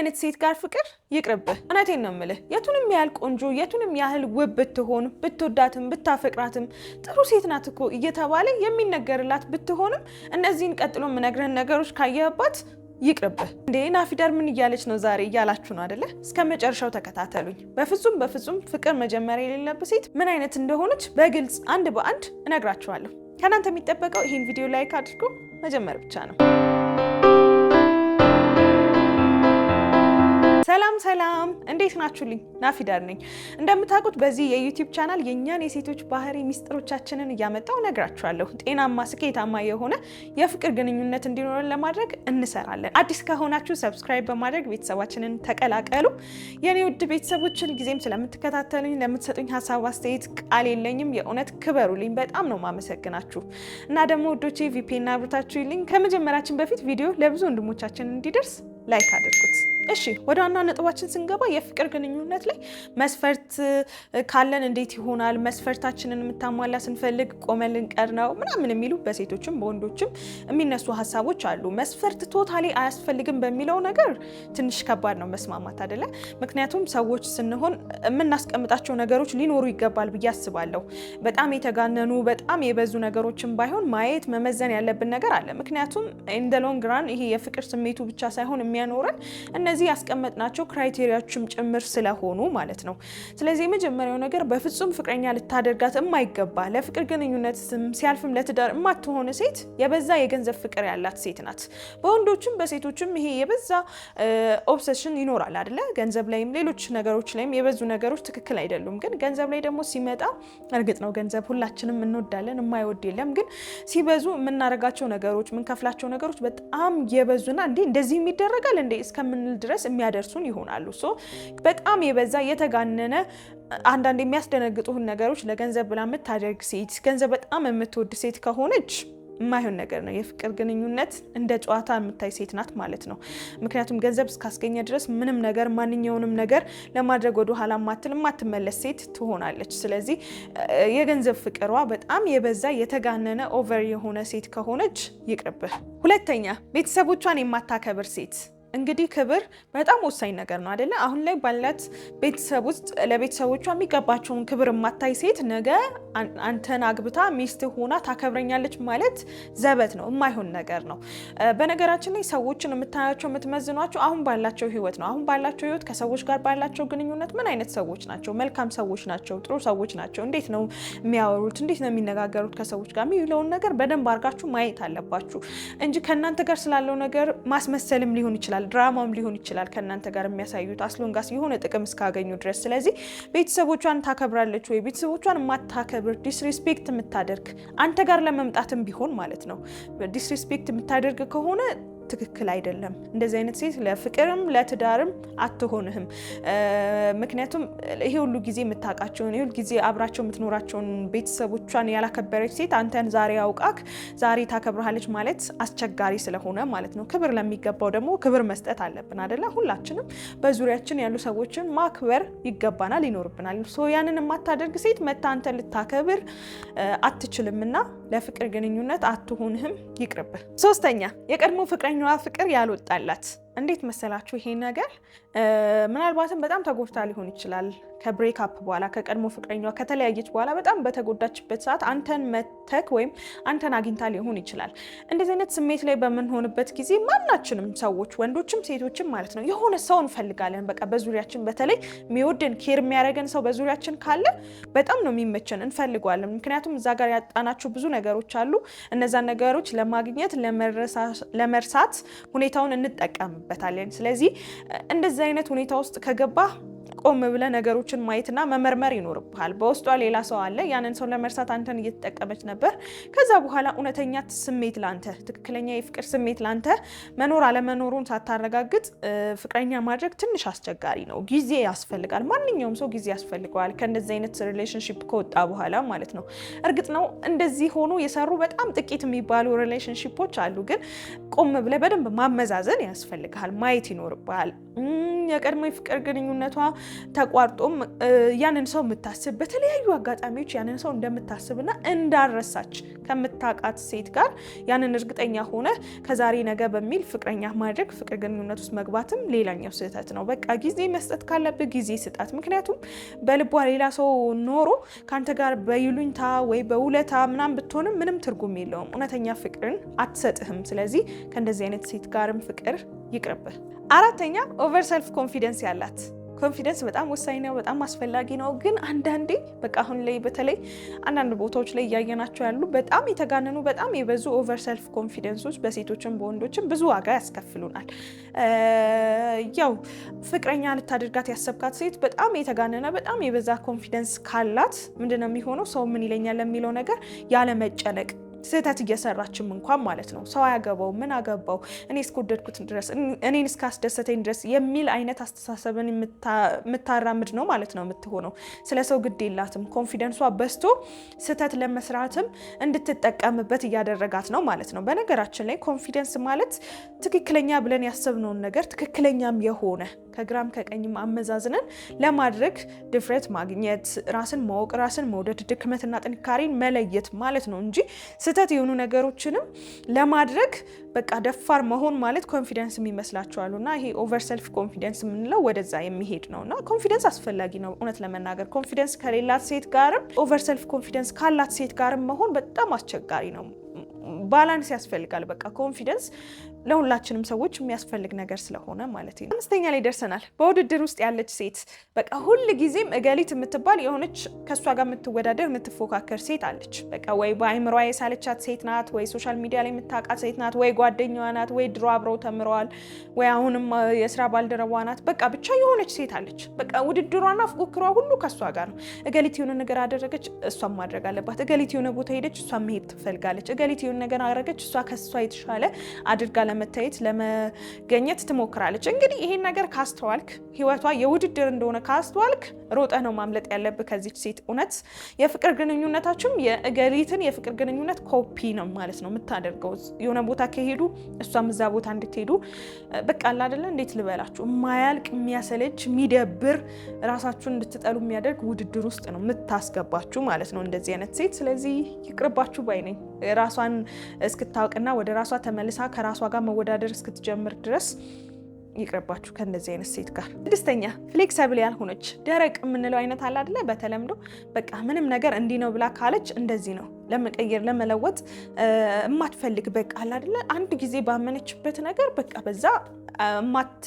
አይነት ሴት ጋር ፍቅር ይቅርብህ። እውነቴን ነው የምልህ። የቱንም ያህል ቆንጆ የቱንም ያህል ውብ ብትሆን ብትወዳትም ብታፈቅራትም ጥሩ ሴት ናት እኮ እየተባለ የሚነገርላት ብትሆንም እነዚህን ቀጥሎ የምነግርህን ነገሮች ካየህባት ይቅርብህ። እንዴ ናፊዳር ምን እያለች ነው ዛሬ እያላችሁ ነው አደለ? እስከ መጨረሻው ተከታተሉኝ። በፍጹም በፍጹም ፍቅር መጀመሪያ የሌለበት ሴት ምን አይነት እንደሆነች በግልጽ አንድ በአንድ እነግራችኋለሁ። ከእናንተ የሚጠበቀው ይህን ቪዲዮ ላይክ አድርጎ መጀመር ብቻ ነው። ሰላም ሰላም፣ እንዴት ናችሁልኝ? ናፊዳር ነኝ። እንደምታውቁት በዚህ የዩቲዩብ ቻናል የእኛን የሴቶች ባህሪ ሚስጥሮቻችንን እያመጣው ነግራችኋለሁ። ጤናማ፣ ስኬታማ የሆነ የፍቅር ግንኙነት እንዲኖረን ለማድረግ እንሰራለን። አዲስ ከሆናችሁ ሰብስክራይብ በማድረግ ቤተሰባችንን ተቀላቀሉ። የኔ ውድ ቤተሰቦች ጊዜም ስለምትከታተሉኝ፣ ለምትሰጡኝ ሀሳብ አስተያየት ቃል የለኝም። የእውነት ክበሩልኝ። በጣም ነው ማመሰግናችሁ እና ደግሞ ውዶቼ ቪፒ ብርታችሁ ይልኝ። ከመጀመራችን በፊት ቪዲዮ ለብዙ ወንድሞቻችን እንዲደርስ ላይክ አድርጉት። እሺ ወደ ዋና ነጥባችን ስንገባ የፍቅር ግንኙነት ላይ መስፈርት ካለን እንዴት ይሆናል? መስፈርታችንን የምታሟላ ስንፈልግ ቆመን ልንቀር ነው ምናምን የሚሉ በሴቶችም በወንዶችም የሚነሱ ሀሳቦች አሉ። መስፈርት ቶታሊ አያስፈልግም በሚለው ነገር ትንሽ ከባድ ነው መስማማት አደለ። ምክንያቱም ሰዎች ስንሆን የምናስቀምጣቸው ነገሮች ሊኖሩ ይገባል ብዬ አስባለሁ። በጣም የተጋነኑ በጣም የበዙ ነገሮችን ባይሆን ማየት መመዘን ያለብን ነገር አለ። ምክንያቱም ኢን ይሄ የፍቅር ስሜቱ ብቻ ሳይሆን የሚያኖረን እነዚህ ያስቀመጥናቸው ክራይቴሪያዎችም ጭምር ስለሆኑ ማለት ነው። ስለዚህ የመጀመሪያው ነገር በፍጹም ፍቅረኛ ልታደርጋት የማይገባ ለፍቅር ግንኙነት ሲያልፍም ለትዳር የማትሆን ሴት የበዛ የገንዘብ ፍቅር ያላት ሴት ናት። በወንዶችም በሴቶችም ይሄ የበዛ ኦብሰሽን ይኖራል አይደለ? ገንዘብ ላይም ሌሎች ነገሮች ላይም የበዙ ነገሮች ትክክል አይደሉም። ግን ገንዘብ ላይ ደግሞ ሲመጣ እርግጥ ነው ገንዘብ ሁላችንም እንወዳለን፣ የማይወድ የለም። ግን ሲበዙ የምናደርጋቸው ነገሮች፣ የምንከፍላቸው ነገሮች በጣም የበዙና እንዴ እንደዚህ የሚደረጋል እንዴ እስከምንል ድረስ የሚያደርሱን ይሆናሉ። ሶ በጣም የበዛ የተጋነነ አንዳንድ የሚያስደነግጡን ነገሮች ለገንዘብ ብላ የምታደርግ ሴት፣ ገንዘብ በጣም የምትወድ ሴት ከሆነች የማይሆን ነገር ነው። የፍቅር ግንኙነት እንደ ጨዋታ የምታይ ሴት ናት ማለት ነው። ምክንያቱም ገንዘብ እስካስገኘ ድረስ ምንም ነገር ማንኛውንም ነገር ለማድረግ ወደ ኋላ ማትል የማትመለስ ሴት ትሆናለች። ስለዚህ የገንዘብ ፍቅሯ በጣም የበዛ የተጋነነ ኦቨር የሆነ ሴት ከሆነች ይቅርብህ። ሁለተኛ ቤተሰቦቿን የማታከብር ሴት እንግዲህ ክብር በጣም ወሳኝ ነገር ነው አይደለ? አሁን ላይ ባላት ቤተሰብ ውስጥ ለቤተሰቦቿ የሚገባቸውን ክብር የማታይ ሴት ነገ አንተን አግብታ ሚስት ሆና ታከብረኛለች ማለት ዘበት ነው፣ የማይሆን ነገር ነው። በነገራችን ላይ ሰዎችን የምታያቸው የምትመዝኗቸው አሁን ባላቸው ህይወት ነው። አሁን ባላቸው ህይወት ከሰዎች ጋር ባላቸው ግንኙነት ምን አይነት ሰዎች ናቸው? መልካም ሰዎች ናቸው? ጥሩ ሰዎች ናቸው? እንዴት ነው የሚያወሩት? እንዴት ነው የሚነጋገሩት ከሰዎች ጋር የሚለውን ነገር በደንብ አድርጋችሁ ማየት አለባችሁ እንጂ ከእናንተ ጋር ስላለው ነገር ማስመሰልም ሊሆን ይችላል ይችላል፣ ድራማም ሊሆን ይችላል ከእናንተ ጋር የሚያሳዩት አስሎንጋስ የሆነ ጥቅም እስካገኙ ድረስ። ስለዚህ ቤተሰቦቿን ታከብራለች ወይ ቤተሰቦቿን የማታከብር ዲስሪስፔክት የምታደርግ አንተ ጋር ለመምጣትም ቢሆን ማለት ነው ዲስሪስፔክት የምታደርግ ከሆነ ትክክል አይደለም። እንደዚህ አይነት ሴት ለፍቅርም ለትዳርም አትሆንህም። ምክንያቱም ይሄ ሁሉ ጊዜ የምታውቃቸውን ይሄ ሁሉ ጊዜ አብራቸው የምትኖራቸውን ቤተሰቦቿን ያላከበረች ሴት አንተን ዛሬ አውቃክ ዛሬ ታከብረሃለች ማለት አስቸጋሪ ስለሆነ ማለት ነው። ክብር ለሚገባው ደግሞ ክብር መስጠት አለብን አደለ? ሁላችንም በዙሪያችን ያሉ ሰዎችን ማክበር ይገባናል፣ ይኖርብናል። ያንን የማታደርግ ሴት መታ አንተን ልታከብር አትችልምና ለፍቅር ግንኙነት አትሆንህም፣ ይቅርብህ። ሶስተኛ የቀድሞ ፍቅረኛ ጓደኛዋ ፍቅር ያልወጣላት እንዴት መሰላችሁ ይሄ ነገር ምናልባትም በጣም ተጎድታ ሊሆን ይችላል። ከብሬክ አፕ በኋላ ከቀድሞ ፍቅረኛ ከተለያየች በኋላ በጣም በተጎዳችበት ሰዓት አንተን መተክ ወይም አንተን አግኝታ ሊሆን ይችላል። እንደዚህ አይነት ስሜት ላይ በምንሆንበት ጊዜ ማናችንም ሰዎች ወንዶችም ሴቶችም ማለት ነው የሆነ ሰው እንፈልጋለን። በቃ በዙሪያችን በተለይ የሚወድን ኬር የሚያደርገን ሰው በዙሪያችን ካለ በጣም ነው የሚመቸን፣ እንፈልጓለን። ምክንያቱም እዛ ጋር ያጣናቸው ብዙ ነገሮች አሉ። እነዛን ነገሮች ለማግኘት ለመርሳት ሁኔታውን እንጠቀም እንጠቀምበታለን። ስለዚህ እንደዚህ አይነት ሁኔታ ውስጥ ከገባ ቆም ብለህ ነገሮችን ማየትና መመርመር ይኖርብሃል። በውስጧ ሌላ ሰው አለ። ያንን ሰው ለመርሳት አንተን እየተጠቀመች ነበር። ከዛ በኋላ እውነተኛ ስሜት ላንተ፣ ትክክለኛ የፍቅር ስሜት ላንተ መኖር አለመኖሩን ሳታረጋግጥ ፍቅረኛ ማድረግ ትንሽ አስቸጋሪ ነው። ጊዜ ያስፈልጋል። ማንኛውም ሰው ጊዜ ያስፈልገዋል። ከእንደዚህ አይነት ሪሌሽንሽፕ ከወጣ በኋላ ማለት ነው። እርግጥ ነው እንደዚህ ሆኖ የሰሩ በጣም ጥቂት የሚባሉ ሪሌሽንሽፖች አሉ። ግን ቆም ብለህ በደንብ ማመዛዘን ያስፈልግሃል። ማየት ይኖርብሃል። የቀድሞ የፍቅር ግንኙነቷ ተቋርጦም ያንን ሰው የምታስብ በተለያዩ አጋጣሚዎች ያንን ሰው እንደምታስብና እንዳረሳች ከምታውቃት ሴት ጋር ያንን እርግጠኛ ሆነ ከዛሬ ነገ በሚል ፍቅረኛ ማድረግ ፍቅር ግንኙነት ውስጥ መግባትም ሌላኛው ስህተት ነው። በቃ ጊዜ መስጠት ካለብህ ጊዜ ስጣት። ምክንያቱም በልቧ ሌላ ሰው ኖሮ ከአንተ ጋር በይሉኝታ ወይ በውለታ ምናምን ብትሆንም ምንም ትርጉም የለውም። እውነተኛ ፍቅርን አትሰጥህም። ስለዚህ ከእንደዚህ አይነት ሴት ጋርም ፍቅር ይቅርብህ። አራተኛ ኦቨር ሰልፍ ኮንፊደንስ ያላት ኮንፊደንስ በጣም ወሳኝ ነው፣ በጣም አስፈላጊ ነው። ግን አንዳንዴ በቃ አሁን ላይ በተለይ አንዳንድ ቦታዎች ላይ እያየናቸው ያሉ በጣም የተጋነኑ በጣም የበዙ ኦቨር ሰልፍ ኮንፊደንሶች በሴቶችም በወንዶችም ብዙ ዋጋ ያስከፍሉናል። ያው ፍቅረኛ ልታደርጋት ያሰብካት ሴት በጣም የተጋነነ በጣም የበዛ ኮንፊደንስ ካላት ምንድነው የሚሆነው? ሰው ምን ይለኛል ለሚለው ነገር ያለመጨነቅ ስህተት እየሰራችም እንኳን ማለት ነው። ሰው አያገባው ምን አገባው እኔ እስከወደድኩት ድረስ እኔን እስካስደሰተኝ ድረስ የሚል አይነት አስተሳሰብን የምታራምድ ነው ማለት ነው የምትሆነው። ስለ ሰው ግድ የላትም። ኮንፊደንሷ በስቶ ስህተት ለመስራትም እንድትጠቀምበት እያደረጋት ነው ማለት ነው። በነገራችን ላይ ኮንፊደንስ ማለት ትክክለኛ ብለን ያሰብነውን ነገር ትክክለኛም የሆነ ከግራም ከቀኝም አመዛዝነን ለማድረግ ድፍረት ማግኘት፣ ራስን ማወቅ፣ ራስን መውደድ፣ ድክመትና ጥንካሬን መለየት ማለት ነው እንጂ ስህተት የሆኑ ነገሮችንም ለማድረግ በቃ ደፋር መሆን ማለት ኮንፊደንስ የሚመስላቸዋሉ እና ይሄ ኦቨር ሰልፍ ኮንፊደንስ የምንለው ወደዛ የሚሄድ ነው እና ኮንፊደንስ አስፈላጊ ነው። እውነት ለመናገር ኮንፊደንስ ከሌላት ሴት ጋርም ኦቨር ሰልፍ ኮንፊደንስ ካላት ሴት ጋርም መሆን በጣም አስቸጋሪ ነው። ባላንስ ያስፈልጋል። በቃ ኮንፊደንስ ለሁላችንም ሰዎች የሚያስፈልግ ነገር ስለሆነ ማለት ነው። አምስተኛ ላይ ደርሰናል። በውድድር ውስጥ ያለች ሴት በቃ ሁል ጊዜም እገሊት የምትባል የሆነች ከእሷ ጋር የምትወዳደር የምትፎካከር ሴት አለች። በቃ ወይ በአይምሯ የሳለቻት ሴት ናት፣ ወይ ሶሻል ሚዲያ ላይ የምታውቃት ሴት ናት፣ ወይ ጓደኛዋ ናት፣ ወይ ድሮ አብረው ተምረዋል፣ ወይ አሁንም የስራ ባልደረቧ ናት። በቃ ብቻ የሆነች ሴት አለች። በቃ ውድድሯና ፉክክሯ ሁሉ ከእሷ ጋር ነው። እገሊት የሆነ ነገር አደረገች፣ እሷ ማድረግ አለባት። እገሊት የሆነ ቦታ ሄደች፣ እሷ መሄድ ትፈልጋለች። እገሊት የሆነ ነገር አደረገች፣ እሷ ከእሷ የተሻለ አድርጋለች ለመታየት ለመገኘት ትሞክራለች። እንግዲህ ይሄን ነገር ካስተዋልክ፣ ህይወቷ የውድድር እንደሆነ ካስተዋልክ፣ ሮጠ ነው ማምለጥ ያለብህ ከዚች ሴት። እውነት የፍቅር ግንኙነታችሁም የእገሊትን የፍቅር ግንኙነት ኮፒ ነው ማለት ነው የምታደርገው። የሆነ ቦታ ከሄዱ እሷም እዛ ቦታ እንድትሄዱ በቃ አለ እንዴት ልበላችሁ፣ የማያልቅ የሚያሰለች የሚደብር ራሳችሁን እንድትጠሉ የሚያደርግ ውድድር ውስጥ ነው የምታስገባችሁ ማለት ነው እንደዚህ አይነት ሴት። ስለዚህ ይቅርባችሁ ባይ ነኝ። ራሷን እስክታውቅና ወደ ራሷ ተመልሳ ከራሷ ጋር መወዳደር እስክትጀምር ድረስ ይቅርባችሁ ከእንደዚህ አይነት ሴት ጋር። ስድስተኛ ፍሌክሰብል ያልሆነች ደረቅ የምንለው አይነት አለ አይደለ? በተለምዶ በቃ ምንም ነገር እንዲህ ነው ብላ ካለች እንደዚህ ነው ለመቀየር ለመለወጥ የማትፈልግ በቃ አለ አይደለ አንድ ጊዜ ባመነችበት ነገር በቃ በዛ ማት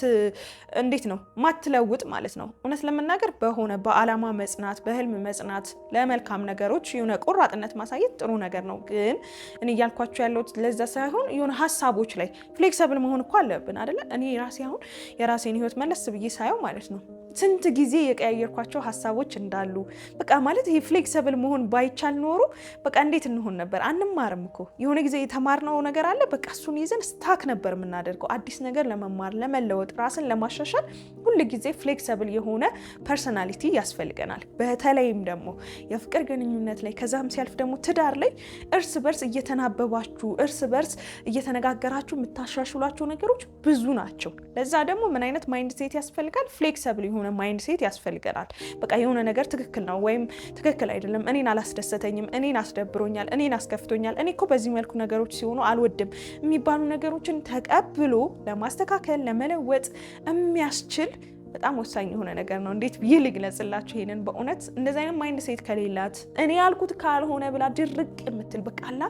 እንዴት ነው ማትለውጥ ማለት ነው። እውነት ለመናገር በሆነ በአላማ መጽናት፣ በህልም መጽናት፣ ለመልካም ነገሮች የሆነ ቆራጥነት ማሳየት ጥሩ ነገር ነው። ግን እኔ እያልኳቸው ያለሁት ለዛ ሳይሆን የሆነ ሀሳቦች ላይ ፍሌክሰብል መሆን እኮ አለብን አይደለ። እኔ ራሴ አሁን የራሴን ህይወት መለስ ብዬ ሳየው ማለት ነው ስንት ጊዜ የቀያየርኳቸው ሀሳቦች እንዳሉ በቃ ማለት ይሄ ፍሌክሰብል መሆን ባይቻል ኖሮ በቃ እንዴት እንሆን ነበር? አንማርም እኮ የሆነ ጊዜ የተማርነው ነገር አለ። በቃ እሱን ይዘን ስታክ ነበር የምናደርገው። አዲስ ነገር ለመማር ለመለወጥ፣ ራስን ለማሻሻል ሁል ጊዜ ፍሌክሰብል የሆነ ፐርሰናሊቲ ያስፈልገናል። በተለይም ደግሞ የፍቅር ግንኙነት ላይ ከዛም ሲያልፍ ደግሞ ትዳር ላይ እርስ በርስ እየተናበባችሁ እርስ በርስ እየተነጋገራችሁ የምታሻሽሏቸው ነገሮች ብዙ ናቸው። ለዛ ደግሞ ምን አይነት ማይንድ ሴት ያስፈልጋል? ፍሌክሰብል የሆነ ማይንድ ሴት ያስፈልገናል። በቃ የሆነ ነገር ትክክል ነው ወይም ትክክል አይደለም፣ እኔን አላስደሰተኝም፣ እኔን አስደብሮኛል፣ እኔን አስከፍቶኛል፣ እኔ እኮ በዚህ መልኩ ነገሮች ሲሆኑ አልወድም የሚባሉ ነገሮችን ተቀብሎ ለማስተካከል ለመለወጥ የሚያስችል በጣም ወሳኝ የሆነ ነገር ነው። እንዴት ብዬ ልግለጽላችሁ ይሄንን? በእውነት እንደዚህ አይነት ማይንድ ሴት ከሌላት እኔ ያልኩት ካልሆነ ብላ ድርቅ የምትል በቃላ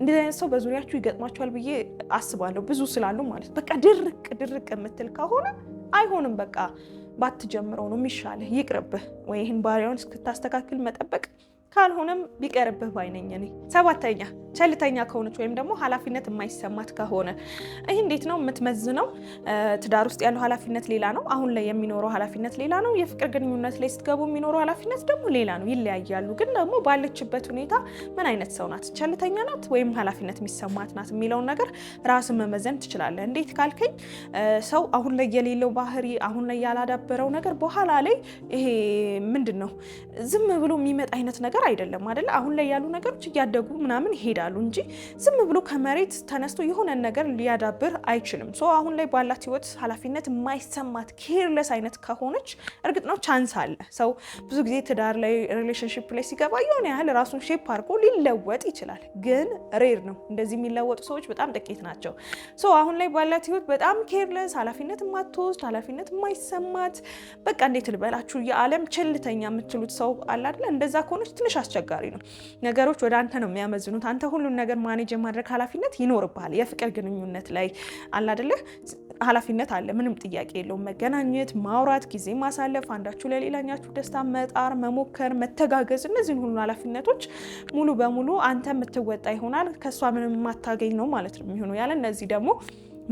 እንደዚህ አይነት ሰው በዙሪያችሁ ይገጥማችኋል ብዬ አስባለሁ። ብዙ ስላሉ ማለት በቃ ድርቅ ድርቅ የምትል ከሆነ አይሆንም በቃ ባትጀምረው ነው የሚሻልህ። ይቅርብህ ወይ ይህን ባህሪያውን እስክታስተካክል መጠበቅ ካልሆነም ቢቀርብህ ባይነኝ እኔ ሰባተኛ ቸልተኛ ከሆነች ወይም ደግሞ ኃላፊነት የማይሰማት ከሆነ ይህ እንዴት ነው የምትመዝነው? ትዳር ውስጥ ያለው ኃላፊነት ሌላ ነው። አሁን ላይ የሚኖረው ኃላፊነት ሌላ ነው። የፍቅር ግንኙነት ላይ ስትገቡ የሚኖረው ኃላፊነት ደግሞ ሌላ ነው። ይለያያሉ። ግን ደግሞ ባለችበት ሁኔታ ምን አይነት ሰው ናት? ቸልተኛ ናት ወይም ኃላፊነት የሚሰማት ናት የሚለውን ነገር ራስን መመዘን ትችላለህ። እንዴት ካልከኝ ሰው አሁን ላይ የሌለው ባህሪ፣ አሁን ላይ ያላዳበረው ነገር በኋላ ላይ ይሄ ምንድን ነው ዝም ብሎ የሚመጣ አይነት ነገር አይደለም አደለ? አሁን ላይ ያሉ ነገሮች እያደጉ ምናምን ይሄዳል ይችላሉ እንጂ ዝም ብሎ ከመሬት ተነስቶ የሆነን ነገር ሊያዳብር አይችልም። ሶ አሁን ላይ ባላት ህይወት ኃላፊነት የማይሰማት ኬርለስ አይነት ከሆነች እርግጥ ነው ቻንስ አለ። ሰው ብዙ ጊዜ ትዳር ላይ ሪሌሽንሽፕ ላይ ሲገባ የሆነ ያህል ራሱን ሼፕ አድርጎ ሊለወጥ ይችላል፣ ግን ሬር ነው። እንደዚህ የሚለወጡ ሰዎች በጣም ጥቂት ናቸው። ሶ አሁን ላይ ባላት ህይወት በጣም ኬርለስ፣ ኃላፊነት ማትወስድ፣ ኃላፊነት የማይሰማት በቃ እንዴት ልበላችሁ የዓለም ችልተኛ የምትሉት ሰው አለ አይደለ? እንደዛ ከሆነች ትንሽ አስቸጋሪ ነው። ነገሮች ወደ አንተ ነው የሚያመዝኑት አንተ ሁሉን ነገር ማኔጅ የማድረግ ኃላፊነት ይኖርብሃል። የፍቅር ግንኙነት ላይ አላደለህ ኃላፊነት አለ። ምንም ጥያቄ የለውም። መገናኘት፣ ማውራት፣ ጊዜ ማሳለፍ፣ አንዳችሁ ለሌላኛችሁ ደስታ መጣር፣ መሞከር፣ መተጋገዝ፣ እነዚህን ሁሉ ኃላፊነቶች ሙሉ በሙሉ አንተ የምትወጣ ይሆናል። ከእሷ ምንም የማታገኝ ነው ማለት ነው የሚሆኑ ያለ እነዚህ ደግሞ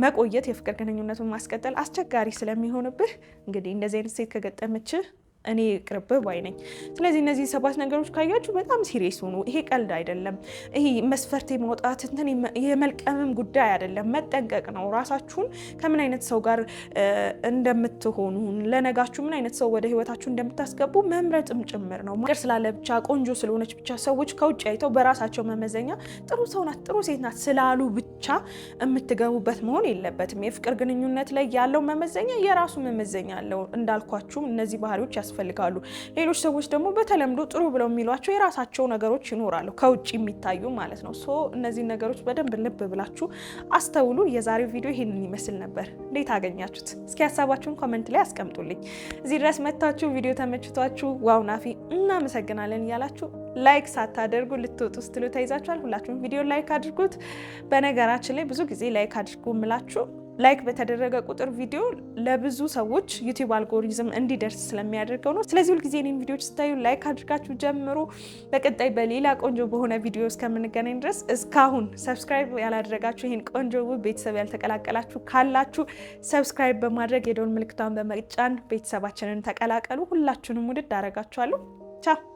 መቆየት የፍቅር ግንኙነቱን ማስቀጠል አስቸጋሪ ስለሚሆንብህ እንግዲህ እንደዚህ አይነት ሴት ከገጠመችህ እኔ ቅርብ ባይ ነኝ። ስለዚህ እነዚህ ሰባት ነገሮች ካያችሁ በጣም ሲሪየስ ሆኑ። ይሄ ቀልድ አይደለም። ይሄ መስፈርት የማውጣት እንትን የመልቀምም ጉዳይ አይደለም፣ መጠንቀቅ ነው። ራሳችሁን ከምን አይነት ሰው ጋር እንደምትሆኑ ለነጋችሁ ምን አይነት ሰው ወደ ህይወታችሁ እንደምታስገቡ መምረጥም ጭምር ነው። ቅር ስላለ ብቻ ቆንጆ ስለሆነች ብቻ ሰዎች ከውጭ አይተው በራሳቸው መመዘኛ ጥሩ ሰው ናት፣ ጥሩ ሴት ናት ስላሉ ብቻ የምትገቡበት መሆን የለበትም። የፍቅር ግንኙነት ላይ ያለው መመዘኛ የራሱ መመዘኛ አለው። እንዳልኳችሁም እነዚህ ባህሪዎች ያስ ያስፈልጋሉ። ሌሎች ሰዎች ደግሞ በተለምዶ ጥሩ ብለው የሚሏቸው የራሳቸው ነገሮች ይኖራሉ፣ ከውጭ የሚታዩ ማለት ነው። ሶ እነዚህን ነገሮች በደንብ ልብ ብላችሁ አስተውሉ። የዛሬው ቪዲዮ ይህንን ይመስል ነበር። እንዴት አገኛችሁት? እስኪ ሀሳባችሁን ኮመንት ላይ አስቀምጡልኝ። እዚህ ድረስ መታችሁ ቪዲዮ ተመችቷችሁ ዋው ናፊ እናመሰግናለን እያላችሁ ላይክ ሳታደርጉ ልትወጡ ስትሉ ተይዛችኋል። ሁላችሁም ቪዲዮ ላይክ አድርጉት። በነገራችን ላይ ብዙ ጊዜ ላይክ አድርጉ ምላችሁ ላይክ በተደረገ ቁጥር ቪዲዮ ለብዙ ሰዎች ዩቲዩብ አልጎሪዝም እንዲደርስ ስለሚያደርገው ነው። ስለዚህ ሁልጊዜ እኔን ቪዲዮች ስታዩ ላይክ አድርጋችሁ ጀምሮ በቀጣይ በሌላ ቆንጆ በሆነ ቪዲዮ እስከምንገናኝ ድረስ እስካሁን ሰብስክራይብ ያላደረጋችሁ ይህን ቆንጆ ውብ ቤተሰብ ያልተቀላቀላችሁ ካላችሁ ሰብስክራይብ በማድረግ የደወል ምልክቷን በመጫን ቤተሰባችንን ተቀላቀሉ። ሁላችሁንም ውድድ አደርጋችኋለሁ። ቻው